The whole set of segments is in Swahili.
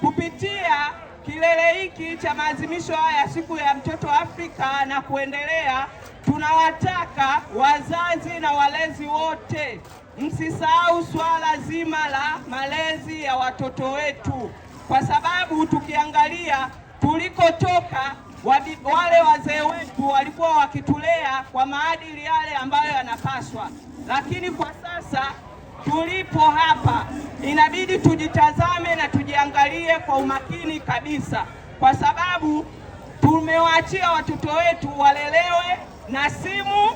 kupitia kilele hiki cha maadhimisho haya ya siku ya mtoto Afrika na kuendelea, tunawataka wazazi na walezi wote msisahau swala zima la malezi ya watoto wetu, kwa sababu tukiangalia tulikotoka, wale wazee wetu walikuwa wakitulea kwa maadili yale ambayo yanapaswa, lakini kwa sasa tulipo hapa inabidi tujitazame na tujiangalie kwa umakini kabisa, kwa sababu tumewaachia watoto wetu walelewe na simu,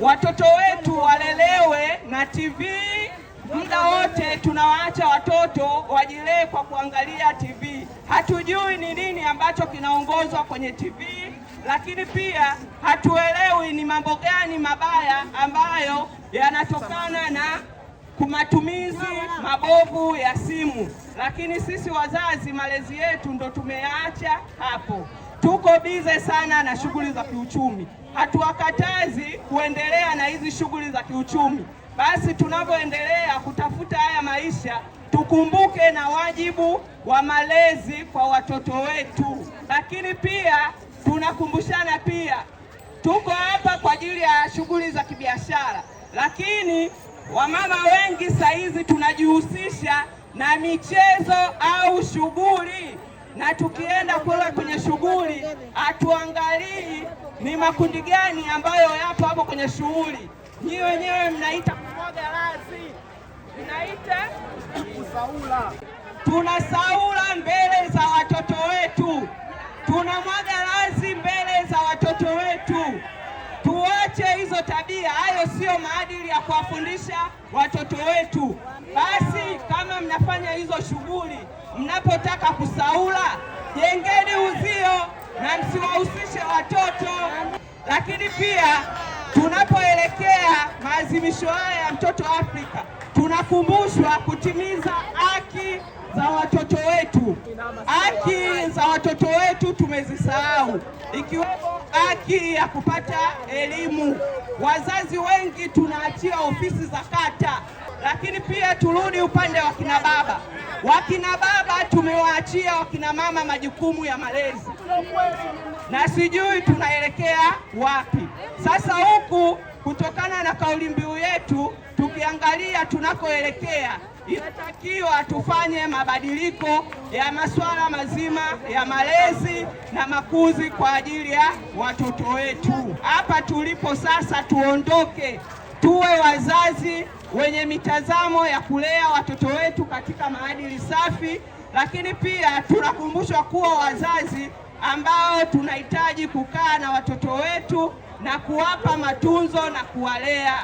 watoto wetu walelewe na TV muda wote tunawaacha watoto wajilee kwa kuangalia TV. Hatujui ni nini ambacho kinaongozwa kwenye TV, lakini pia hatuelewi ni mambo gani mabaya ambayo yanatokana na matumizi mabovu ya simu, lakini sisi wazazi malezi yetu ndo tumeacha hapo. Tuko bize sana na shughuli za kiuchumi, hatuwakatazi kuendelea na hizi shughuli za kiuchumi. Basi tunavyoendelea kutafuta haya maisha, tukumbuke na wajibu wa malezi kwa watoto wetu, lakini pia tunakumbushana pia, tuko hapa kwa ajili ya shughuli za kibiashara, lakini Wamama wengi sasa hizi tunajihusisha na michezo au shughuli, na tukienda kule kwenye shughuli hatuangalii ni makundi gani ambayo yapo hapo kwenye shughuli. Nyinyi wenyewe mnaita kumwaga lazi, mnaita tunasaula mbele za watoto wetu, tunamwaga tabia, hayo siyo maadili ya kuwafundisha watoto wetu. Basi kama mnafanya hizo shughuli, mnapotaka kusaula, jengeni uzio na msiwahusishe watoto. Lakini pia tunapoelekea maadhimisho haya ya mtoto Afrika, tunakumbushwa kutimiza haki za watoto wetu haki watoto wetu tumezisahau, ikiwemo haki ya kupata elimu. Wazazi wengi tunaachia ofisi za kata, lakini pia turudi upande wa kina baba. Wakina baba tumewaachia wakina mama majukumu ya malezi, na sijui tunaelekea wapi sasa huku Kutokana na kauli mbiu yetu, tukiangalia tunakoelekea, inatakiwa tufanye mabadiliko ya masuala mazima ya malezi na makuzi kwa ajili ya watoto wetu. Hapa tulipo sasa, tuondoke tuwe wazazi wenye mitazamo ya kulea watoto wetu katika maadili safi, lakini pia tunakumbushwa kuwa wazazi ambao tunahitaji kukaa na watoto wetu na kuwapa matunzo na kuwalea.